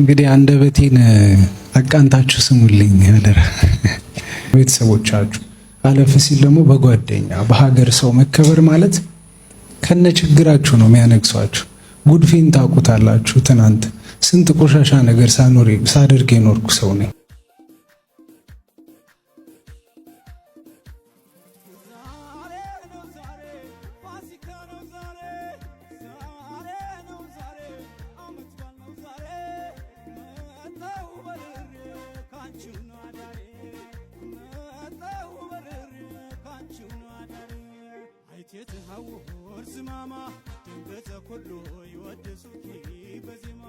እንግዲህ አንደበቴን አቃንታችሁ ስሙልኝ አደራ ቤተሰቦቻችሁ። አለፍ ሲል ደግሞ በጓደኛ በሀገር ሰው መከበር ማለት ከነ ችግራችሁ ነው የሚያነግሷችሁ። ጉድፌን ታውቁታላችሁ። ትናንት ስንት ቆሻሻ ነገር ሳኖር ሳደርግ የኖርኩ ሰው ነኝ። አውሑር ዝማማ ድንገተ ኰሎ ይወድሱኪ በዜማ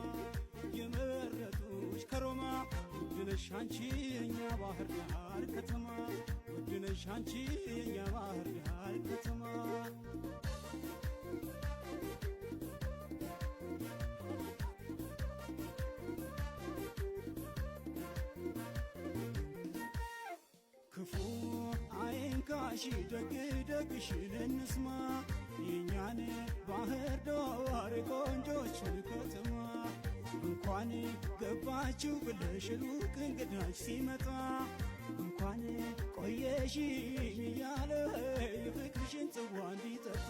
የመረጡሽ ከሮማ ውድነሽ አንቺ የኛ ባህር ዳር ከተማ ውድነሽ አንቺ የኛ ባህር ዳር ከተማ ሺ ደግ ደግሽን እንስማ የእኛን ባህር ዳር ቆንጆችን ከተማ እንኳን ገባችሁ ብለሽ ሩቅ ሲመጣ እንኳን ቆየሽ እያለ የፍቅርሽን ጽዋ እንዲጠጣ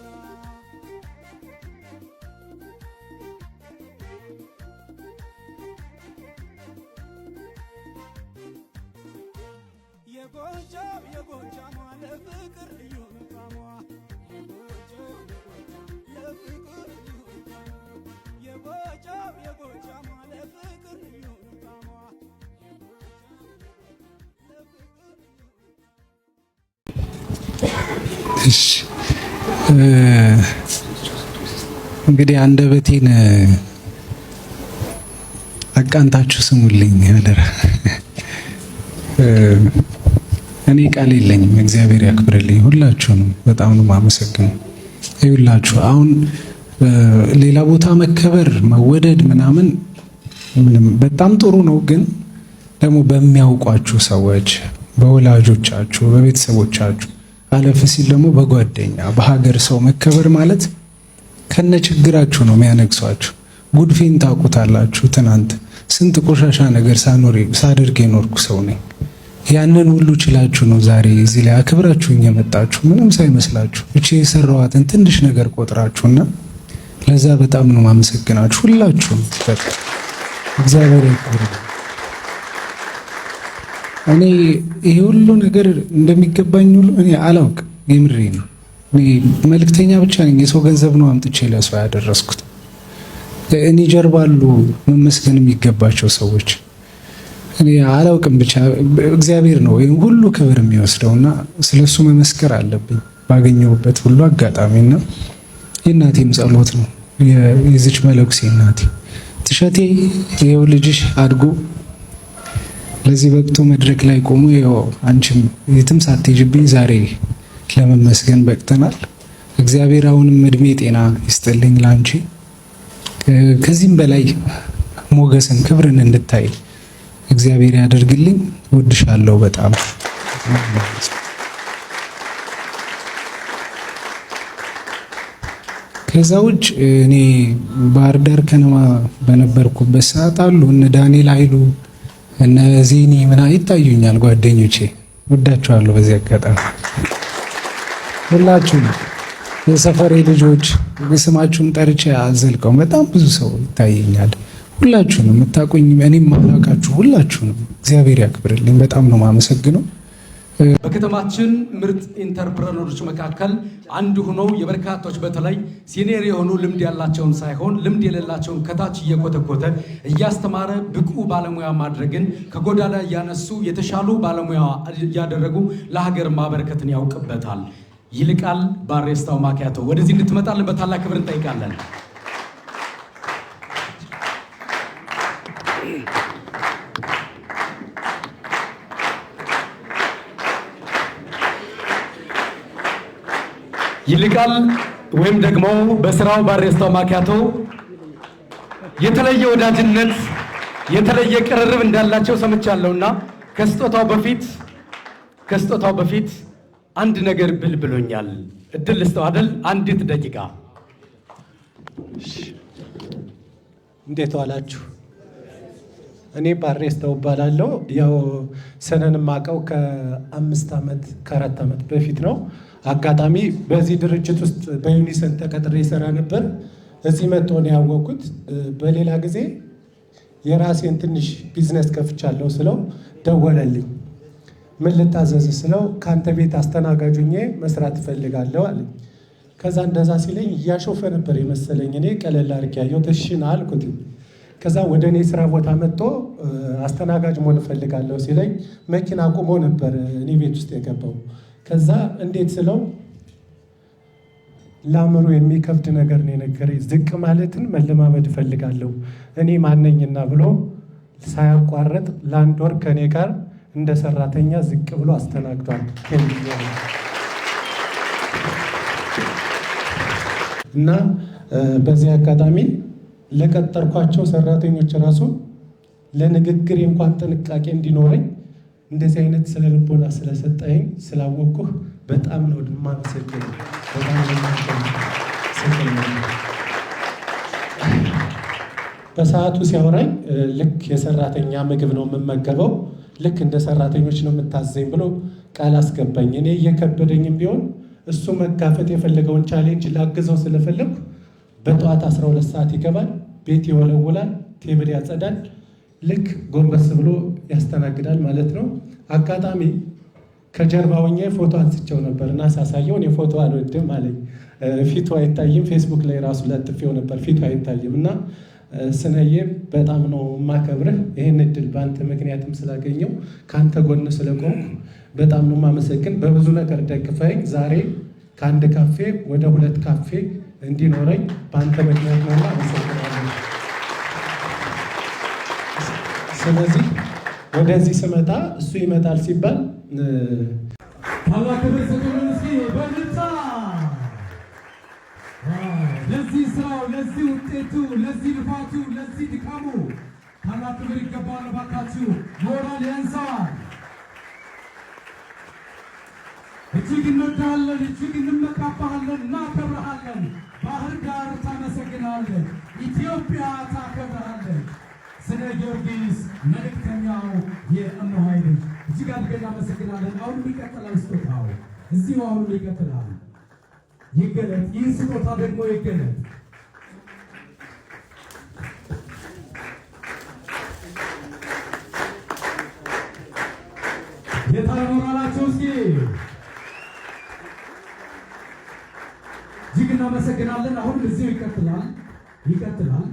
እሺ እንግዲህ አንደበቴን አቃንታችሁ ስሙልኝ አደራ። እኔ ቃል የለኝም። እግዚአብሔር ያክብርልኝ። ሁላችሁን፣ በጣም ነው የማመሰግነው። ይሁላችሁ አሁን ሌላ ቦታ መከበር መወደድ ምናምን ምንም በጣም ጥሩ ነው፣ ግን ደግሞ በሚያውቋችሁ ሰዎች፣ በወላጆቻችሁ፣ በቤተሰቦቻችሁ አለፍ ሲል ደግሞ በጓደኛ በሀገር ሰው መከበር ማለት ከነ ችግራችሁ ነው የሚያነግሷችሁ። ጉድፌን ታውቁታላችሁ። ትናንት ስንት ቆሻሻ ነገር ሳኖር ሳደርግ የኖርኩ ሰው ነኝ። ያንን ሁሉ ችላችሁ ነው ዛሬ እዚህ ላይ አክብራችሁኝ የመጣችሁ ምንም ሳይመስላችሁ እቺ የሰራዋትን ትንሽ ነገር ቆጥራችሁና ለዛ በጣም ነው ማመሰግናችሁ ሁላችሁም። እግዚአብሔር ያክብር። እኔ ይሄ ሁሉ ነገር እንደሚገባኝ ሁሉ እኔ አላውቅም። የምሬ ነው። መልክተኛ ብቻ ነኝ። የሰው ገንዘብ ነው አምጥቼ ለሰው ያደረስኩት። እኔ ጀርባ አሉ መመስገን የሚገባቸው ሰዎች። እኔ አላውቅም። ብቻ እግዚአብሔር ነው ይህም ሁሉ ክብር የሚወስደውና ስለሱ መመስከር አለብኝ ባገኘሁበት ሁሉ አጋጣሚና የእናቴም ጸሎት ነው የዚች መለኩሴ እናቴ ትሸቴ ይኸው ልጅሽ አድጎ ለዚህ በቅቶ መድረክ ላይ ቆሞ ይኸው አንቺም የትም ሳትሄጂብኝ ዛሬ ለመመስገን በቅተናል። እግዚአብሔር አሁንም እድሜ ጤና ይስጥልኝ ለአንቺ ከዚህም በላይ ሞገስን ክብርን እንድታይ እግዚአብሔር ያደርግልኝ። ወድሻለሁ በጣም ከዛ ውጭ እኔ ባህር ዳር ከነማ በነበርኩበት ሰዓት አሉ እነ ዳንኤል ኃይሉ እነ ምና ይታዩኛል ጓደኞቼ፣ ወዳችኋለሁ። በዚህ አጋጣሚ ሁላችሁ የሰፈሬ ልጆች ስማችሁን ጠርቼ አዘልቀው፣ በጣም ብዙ ሰው ይታየኛል። ሁላችሁንም የምታቆኝ እኔም ማላቃችሁ ሁላችሁንም እግዚአብሔር ያክብርልኝ። በጣም ነው ማመሰግነው። በከተማችን ምርጥ ኢንተርፕረነሮች መካከል አንዱ ሆኖ የበርካቶች በተለይ ሲኒየር የሆኑ ልምድ ያላቸውን ሳይሆን ልምድ የሌላቸውን ከታች እየኮተኮተ እያስተማረ ብቁ ባለሙያ ማድረግን ከጎዳና እያነሱ የተሻሉ ባለሙያ እያደረጉ ለሀገር ማበረከትን ያውቅበታል። ይልቃል ባሬስታው ማኪያቶ ወደዚህ እንድትመጣልን በታላቅ ክብር እንጠይቃለን። ይልቃል ወይም ደግሞ በስራው ባሬስቶ ማኪያቶ የተለየ ወዳጅነት የተለየ ቅርርብ እንዳላቸው ሰምቻለሁና ከስጦታው በፊት ከስጦታው በፊት አንድ ነገር ብል ብሎኛል። እድል ልስጠው አይደል? አንዲት ደቂቃ። እንዴት ዋላችሁ? እኔ ባሬስተው እባላለሁ። ያው ሰነን የማውቀው ከአምስት ዓመት ከአራት ዓመት በፊት ነው። አጋጣሚ በዚህ ድርጅት ውስጥ በዩኒሰን ተቀጥሬ ይሰራ ነበር። እዚህ መጥቶ ነው ያወቅኩት። በሌላ ጊዜ የራሴን ትንሽ ቢዝነስ ከፍቻለሁ ስለው ደወለልኝ። ምን ልታዘዝ ስለው ከአንተ ቤት አስተናጋጅ ሆኜ መስራት እፈልጋለሁ አለኝ። ከዛ እንደዛ ሲለኝ እያሾፈ ነበር የመሰለኝ እኔ ቀለል አድርጌ ያየሁት እሺ ና አልኩት። ከዛ ወደ እኔ ስራ ቦታ መጥቶ አስተናጋጅ መሆን እፈልጋለሁ ሲለኝ መኪና ቁሞ ነበር እኔ ቤት ውስጥ የገባው። ከዛ እንዴት ስለው ለአእምሮ የሚከብድ ነገር ነው የነገረኝ። ዝቅ ማለትን መለማመድ እፈልጋለሁ እኔ ማነኝና ብሎ ሳያቋረጥ ለአንድ ወር ከእኔ ጋር እንደ ሰራተኛ ዝቅ ብሎ አስተናግዷል። እና በዚህ አጋጣሚ ለቀጠርኳቸው ሰራተኞች ራሱ ለንግግር እንኳን ጥንቃቄ እንዲኖረኝ እንደዚህ አይነት ስለ ልቦና ስለሰጠኝ ስላወቅኩህ በጣም ነው ማመሰግን። በሰዓቱ ሲያወራኝ ልክ የሰራተኛ ምግብ ነው የምመገበው፣ ልክ እንደ ሰራተኞች ነው የምታዘኝ ብሎ ቃል አስገባኝ። እኔ እየከበደኝም ቢሆን እሱ መጋፈጥ የፈለገውን ቻሌንጅ ላግዘው ስለፈለግኩ በጠዋት 12 ሰዓት ይገባል። ቤት ይወለውላል ቴብል ያጸዳል፣ ልክ ጎንበስ ብሎ ያስተናግዳል ማለት ነው። አጋጣሚ ከጀርባ ሆኜ ፎቶ አንስቼው ነበር እና ሳሳየው እኔ ፎቶ አልወድም አለኝ። ፊቱ አይታይም፣ ፌስቡክ ላይ ራሱ ለጥፌው ነበር ፊቱ አይታይም እና ስነዬ በጣም ነው የማከብርህ። ይህን እድል በአንተ ምክንያትም ስላገኘው ከአንተ ጎን ስለቆምኩ በጣም ነው የማመሰግን። በብዙ ነገር ደግፈኝ ዛሬ ከአንድ ካፌ ወደ ሁለት ካፌ እንዲኖረኝ በአንተ ምክንያት ነውና አመሰግናለሁ። ስለዚህ ወደዚህ ስመጣ እሱ ይመጣል ሲባል ለዚህ ስራው፣ ለዚህ ውጤቱ፣ ለዚህ ልፋቱ፣ ለዚህ ድካሙ ታላቅ ክብር ይገባዋል። እባካችሁ ሞራል ያንሰዋል። እጅግ እንወድሃለን፣ እጅግ እንመካባሃለን፣ እናከብረሃለን። ባህር ዳር ታመሰግናለህ፣ ኢትዮጵያ ታከብራለህ። ስለ ጊዮርጊስ መልእክተኛው የእምሃይ ልጅ እጅግ አድርገን አመሰግናለን አሁንም ይቀጥላል ስጦታው እዚሁ አሁንም ይቀጥላል። ይገለጥ ይህ ስጦታ ደግሞ ይገለጥ። የታይሞራላ እናመሰግናለን። አሁን እዚህ ይቀጥላል ይቀጥላል።